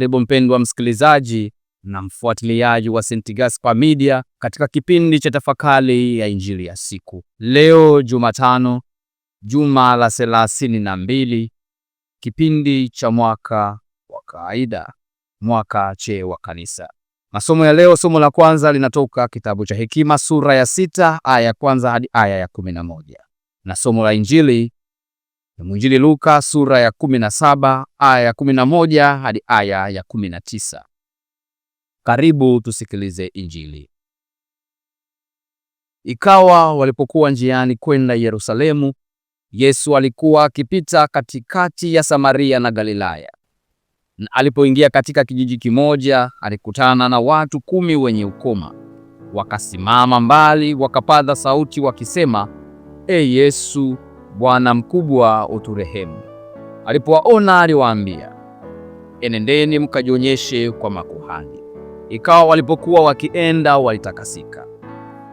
Karibu mpendwa msikilizaji na mfuatiliaji wa St. Gaspar Media katika kipindi cha tafakari ya injili ya siku. Leo Jumatano, juma la thelathini na mbili, kipindi cha mwaka wa kawaida, mwaka che wa kanisa. Masomo ya leo, somo la kwanza linatoka kitabu cha Hekima sura ya sita aya ya kwanza hadi aya ya kumi na moja na somo la injili Mwinjili Luka sura ya 17 aya ya 11 hadi aya ya 19. Karibu tusikilize Injili. Ikawa walipokuwa njiani kwenda Yerusalemu, Yesu alikuwa akipita katikati ya Samaria na Galilaya. Na alipoingia katika kijiji kimoja, alikutana na watu kumi wenye ukoma. Wakasimama mbali, wakapaza sauti wakisema, E Yesu, Bwana mkubwa uturehemu. Alipowaona aliwaambia, enendeni mkajionyeshe kwa makuhani. Ikawa walipokuwa wakienda walitakasika,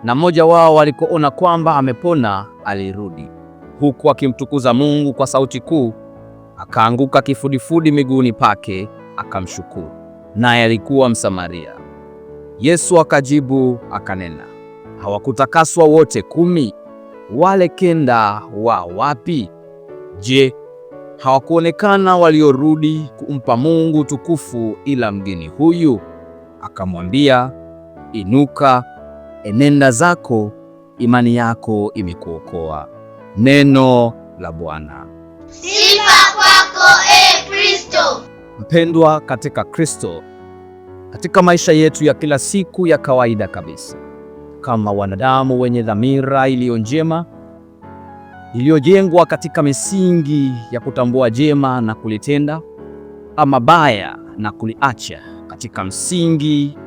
na mmoja wao alikoona kwamba amepona alirudi, huku akimtukuza Mungu kwa sauti kuu. Akaanguka kifudifudi miguuni pake akamshukuru, naye alikuwa Msamaria. Yesu akajibu akanena, hawakutakaswa wote kumi? wale kenda wa wapi? Je, hawakuonekana waliorudi kumpa Mungu tukufu ila mgeni huyu? Akamwambia, inuka, enenda zako, imani yako imekuokoa. Neno la Bwana. Sifa kwako e Kristo. Mpendwa katika Kristo, katika maisha yetu ya kila siku ya kawaida kabisa kama wanadamu wenye dhamira iliyo njema iliyojengwa katika misingi ya kutambua jema na kulitenda ama baya na kuliacha katika msingi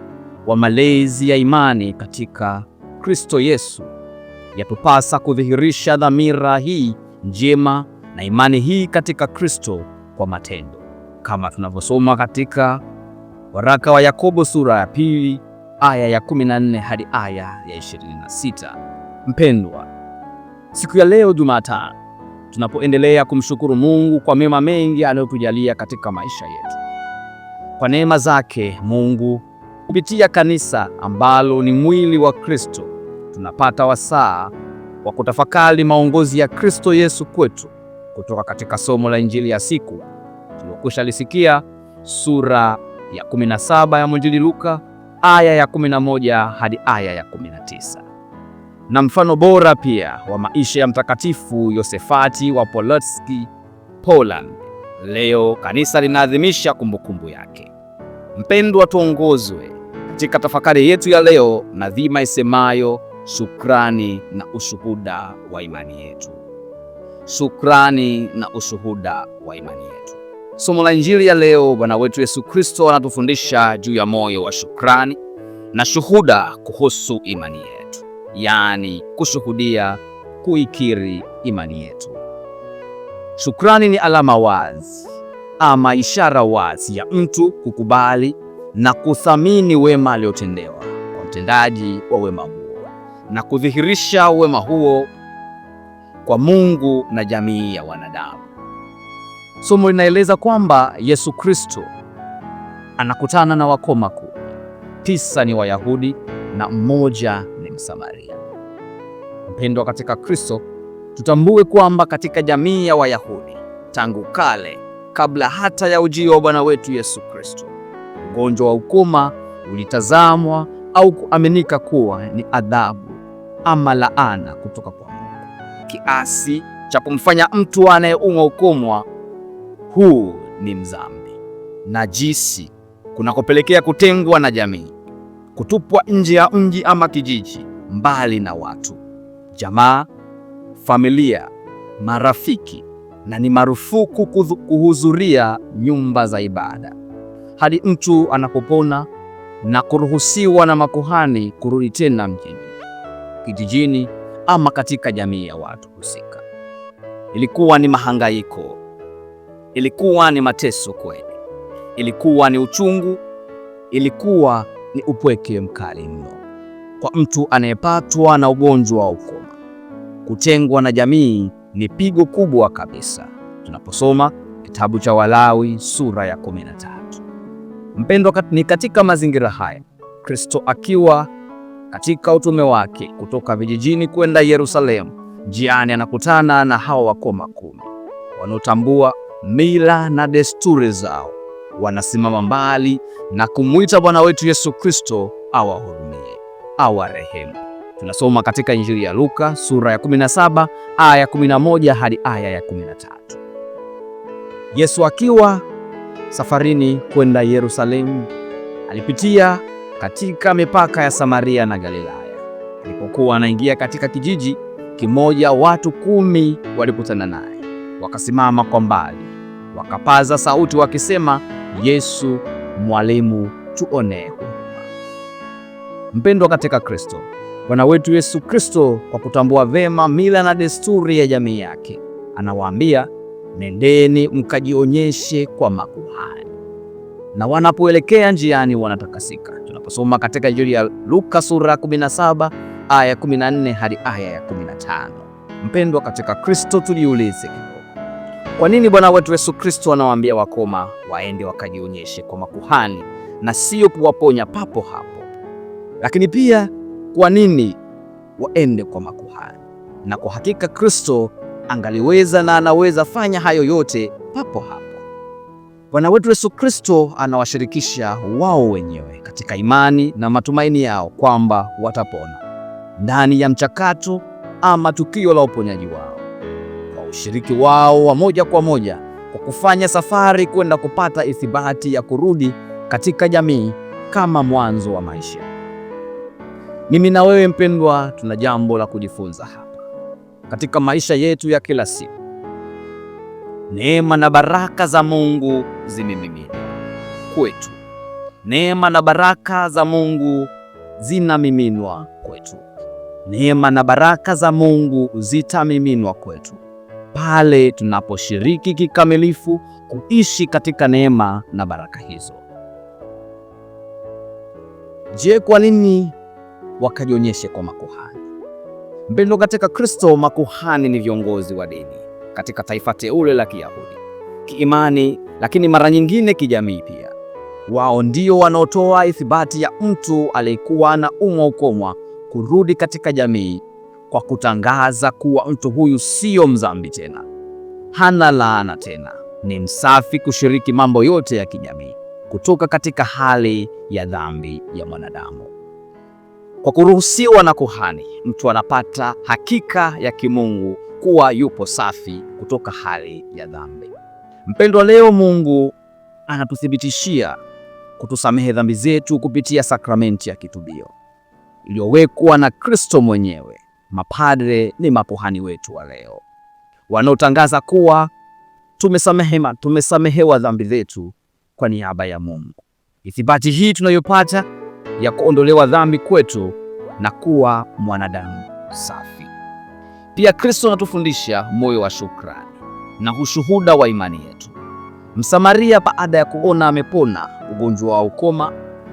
wa malezi ya imani katika Kristo Yesu. Yatupasa kudhihirisha dhamira hii njema na imani hii katika Kristo kwa matendo, kama tunavyosoma katika waraka wa Yakobo sura ya pili aya ya 14 hadi aya ya 26. Mpendwa, siku ya leo Jumatano, tunapoendelea kumshukuru Mungu kwa mema mengi anayotujalia katika maisha yetu. Kwa neema zake Mungu kupitia kanisa ambalo ni mwili wa Kristo, tunapata wasaa wa kutafakari maongozi ya Kristo Yesu kwetu kutoka katika somo la Injili ya siku tuliyokwisha lisikia, sura ya 17 ya mwinjili Luka aya ya 11 hadi aya ya 19, na mfano bora pia wa maisha ya Mtakatifu Yosefati wa Polotski, Poland. Leo kanisa linaadhimisha kumbukumbu yake. Mpendwa, tuongozwe katika tafakari yetu ya leo na dhima isemayo shukrani na ushuhuda wa imani yetu. Shukrani na ushuhuda wa imani yetu. Somo la injili ya leo, Bwana wetu Yesu Kristo anatufundisha juu ya moyo wa shukrani na shuhuda kuhusu imani yetu, yaani kushuhudia, kuikiri imani yetu. Shukrani ni alama wazi ama ishara wazi ya mtu kukubali na kuthamini wema aliyotendewa kwa mtendaji wa wema huo na kudhihirisha wema huo kwa Mungu na jamii ya wanadamu. Somo linaeleza kwamba Yesu Kristo anakutana na wakoma kuu, tisa ni Wayahudi na mmoja ni Msamaria. Mpendwa katika Kristo, tutambue kwamba katika jamii ya Wayahudi tangu kale, kabla hata ya ujio wa Bwana wetu Yesu Kristo, ugonjwa wa ukoma ulitazamwa au kuaminika kuwa ni adhabu ama laana kutoka kwa Mungu, kiasi cha kumfanya mtu anayeumwa ukomwa huu ni mzambi, najisi kunakopelekea kutengwa na jamii, kutupwa nje ya mji ama kijiji, mbali na watu, jamaa, familia, marafiki, na ni marufuku kuhudhuria nyumba za ibada hadi mtu anapopona na kuruhusiwa na makuhani kurudi tena mjini, kijijini, ama katika jamii ya watu husika. Ilikuwa ni mahangaiko Ilikuwa ni mateso kweli, ilikuwa ni uchungu, ilikuwa ni upweke mkali mno kwa mtu anayepatwa na ugonjwa wa ukoma. Kutengwa na jamii ni pigo kubwa kabisa, tunaposoma kitabu cha Walawi sura ya 13. Mpendwa, ni katika mazingira haya Kristo akiwa katika utume wake kutoka vijijini kwenda Yerusalemu, njiani anakutana na hawa wakoma kumi wanaotambua mila na desturi zao, wanasimama mbali na kumwita Bwana wetu Yesu Kristo awahurumie, awarehemu. Tunasoma katika Injili ya Luka sura ya 17 aya ya 11 hadi aya ya 13. Yesu akiwa safarini kwenda Yerusalemu alipitia katika mipaka ya Samaria na Galilaya. Alipokuwa anaingia katika kijiji kimoja, watu kumi walikutana naye wakasimama kwa mbali, wakapaza sauti wakisema, Yesu mwalimu, tuonee huruma. Mpendwa katika Kristo, Bwana wetu Yesu Kristo, kwa kutambua vema mila na desturi ya jamii yake, anawaambia nendeni mkajionyeshe kwa makuhani, na wanapoelekea njiani wanatakasika. Tunaposoma katika Injili ya Luka sura 17 aya 14 hadi aya ya 15. Mpendwa katika Kristo, tujiulize kwa nini Bwana wetu Yesu Kristo anawaambia wakoma waende wakajionyeshe kwa makuhani na sio kuwaponya papo hapo? Lakini pia kwa nini waende kwa makuhani? Na kwa hakika Kristo angaliweza na anaweza fanya hayo yote papo hapo. Bwana wetu Yesu Kristo anawashirikisha wao wenyewe katika imani na matumaini yao kwamba watapona ndani ya mchakato ama tukio la uponyaji wao ushiriki wao wa moja kwa moja kwa kufanya safari kwenda kupata ithibati ya kurudi katika jamii kama mwanzo wa maisha. Mimi na wewe mpendwa, tuna jambo la kujifunza hapa katika maisha yetu ya kila siku. Neema na baraka za Mungu zimemiminwa kwetu. Neema na baraka za Mungu zinamiminwa kwetu. Neema na baraka za Mungu zitamiminwa kwetu pale tunaposhiriki kikamilifu kuishi katika neema na baraka hizo. Je, kwa nini wakajionyeshe kwa makuhani? Mpendo katika Kristo, makuhani ni viongozi wa dini katika taifa teule la Kiyahudi kiimani, lakini mara nyingine kijamii pia. Wao ndio wanaotoa ithibati ya mtu aliyekuwa na umwa ukomwa kurudi katika jamii kwa kutangaza kuwa mtu huyu siyo mdhambi tena, hana laana tena, ni msafi kushiriki mambo yote ya kijamii, kutoka katika hali ya dhambi ya mwanadamu. Kwa kuruhusiwa na kuhani, mtu anapata hakika ya kimungu kuwa yupo safi kutoka hali ya dhambi. Mpendwa, leo Mungu anatuthibitishia kutusamehe dhambi zetu kupitia sakramenti ya kitubio iliyowekwa na Kristo mwenyewe mapadre ni makuhani wetu wa leo wanaotangaza kuwa tumesamehema, tumesamehewa dhambi zetu kwa niaba ya Mungu. Ithibati hii tunayopata ya kuondolewa dhambi kwetu na kuwa mwanadamu safi. Pia Kristo anatufundisha moyo wa shukrani na ushuhuda wa imani yetu. Msamaria baada ya kuona amepona ugonjwa wa ukoma,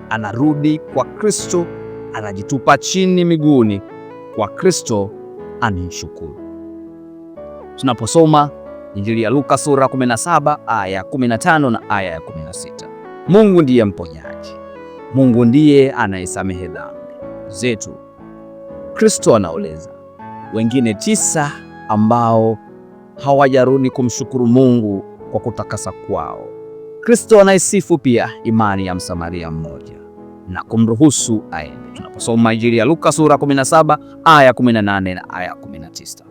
anarudi kwa Kristo, anajitupa chini miguuni kwa Kristo anishukuru. Tunaposoma Injili ya Luka sura 17 aya 15 na aya ya 16, Mungu ndiye mponyaji, Mungu ndiye anayesamehe dhambi zetu. Kristo anaoleza wengine tisa ambao hawajaruni kumshukuru Mungu kwa kutakasa kwao. Kristo anaisifu pia imani ya Msamaria mmoja na kumruhusu aende, tunaposoma Injili ya Luka sura 17 aya 18 na aya 19.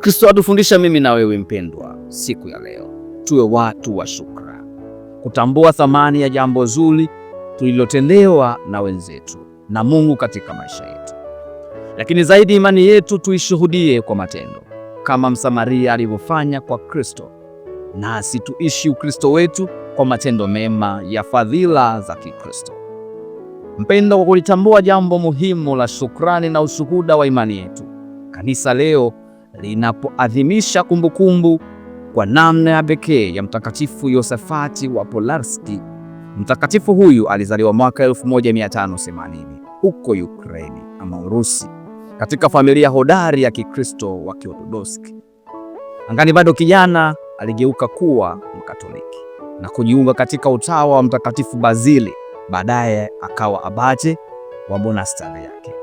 Kristo atufundisha mimi na wewe mpendwa, siku ya leo tuwe watu wa shukra kutambua thamani ya jambo zuri tulilotendewa na wenzetu na Mungu katika maisha yetu, lakini zaidi imani yetu tuishuhudie kwa matendo kama Msamaria alivyofanya kwa Kristo, nasi tuishi Ukristo wetu kwa matendo mema ya fadhila za Kikristo. Mpendo, kwa kulitambua jambo muhimu la shukrani na ushuhuda wa imani yetu, kanisa leo linapoadhimisha kumbukumbu kwa namna ya pekee ya Mtakatifu Yosefati wa Polarski. Mtakatifu huyu alizaliwa mwaka 1580 huko Ukraini ama Urusi, katika familia hodari ya Kikristo wa Kiorthodoksi. Angani bado kijana, aligeuka kuwa Mkatoliki na kujiunga katika utawa wa Mtakatifu Bazili baadaye akawa abate wa monastari yake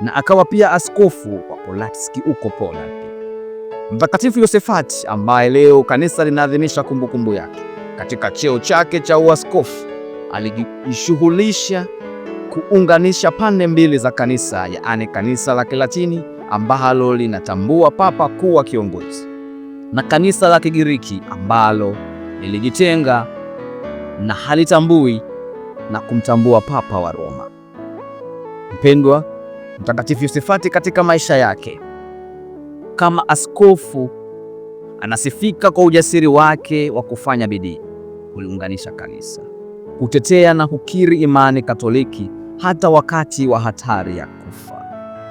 na akawa pia askofu wa Polatski huko Poland. Mtakatifu Yosefati ambaye leo kanisa linaadhimisha kumbukumbu yake, katika cheo chake cha uaskofu alijishughulisha kuunganisha pande mbili za kanisa, yaani kanisa la Kilatini ambalo linatambua papa kuwa kiongozi na kanisa la Kigiriki ambalo lilijitenga na halitambui na kumtambua Papa wa Roma. Mpendwa, Mtakatifu Yosefati katika maisha yake kama askofu anasifika kwa ujasiri wake wa kufanya bidii kuliunganisha kanisa, kutetea na kukiri imani Katoliki hata wakati wa hatari ya kufa.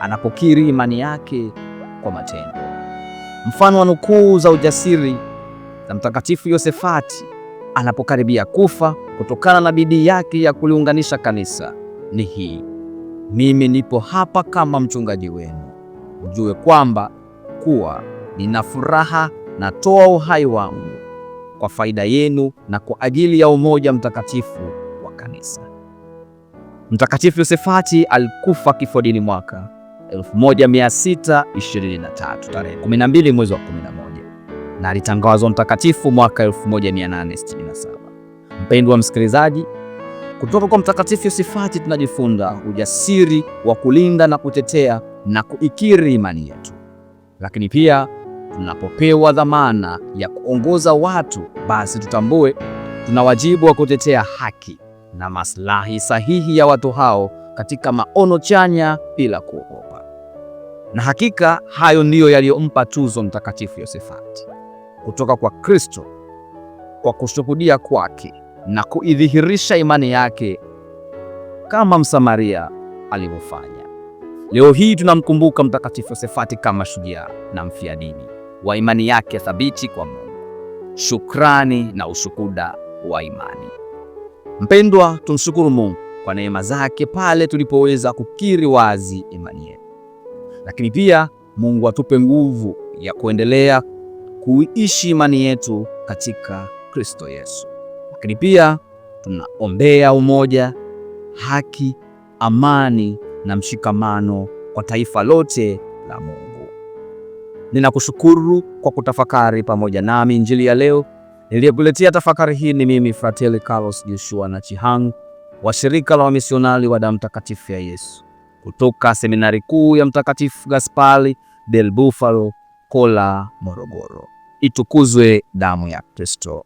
Anapokiri imani yake kwa matendo, mfano wa nukuu za ujasiri za Mtakatifu Yosefati anapokaribia kufa kutokana na bidii yake ya kuliunganisha kanisa ni hii: mimi nipo hapa kama mchungaji wenu, mjue kwamba kuwa nina furaha, natoa uhai wangu kwa faida yenu na kwa ajili ya umoja mtakatifu wa kanisa. Mtakatifu Yosefati alikufa kifodini mwaka 1623 tarehe 12 mwezi wa 11 na alitangazwa mtakatifu mwaka 1867. Mpendwa msikilizaji, kutoka kwa Mtakatifu yosefati tunajifunza ujasiri wa kulinda na kutetea na kuikiri imani yetu, lakini pia tunapopewa dhamana ya kuongoza watu, basi tutambue tuna wajibu wa kutetea haki na maslahi sahihi ya watu hao katika maono chanya bila kuogopa. Na hakika hayo ndiyo yaliyompa tuzo Mtakatifu Yosefati kutoka kwa Kristo kwa kushuhudia kwake na kuidhihirisha imani yake kama Msamaria alivyofanya. Leo hii tunamkumbuka Mtakatifu Yosefati kama shujaa na mfia dini wa imani yake thabiti kwa Mungu. Shukrani na ushuhuda wa imani. Mpendwa, tumshukuru Mungu kwa neema zake pale tulipoweza kukiri wazi imani yetu, lakini pia Mungu atupe nguvu ya kuendelea kuishi imani yetu katika Kristo Yesu lakini pia tunaombea umoja, haki, amani na mshikamano kwa taifa lote la Mungu. Ninakushukuru kwa kutafakari pamoja nami injili ya leo. Niliyekuletea tafakari hii ni mimi Fratelli Carlos Joshua na chihang wa shirika la wamisionari wa damu takatifu ya Yesu kutoka seminari kuu ya Mtakatifu Gaspari del Bufalo, Kola, Morogoro. Itukuzwe damu ya Kristo!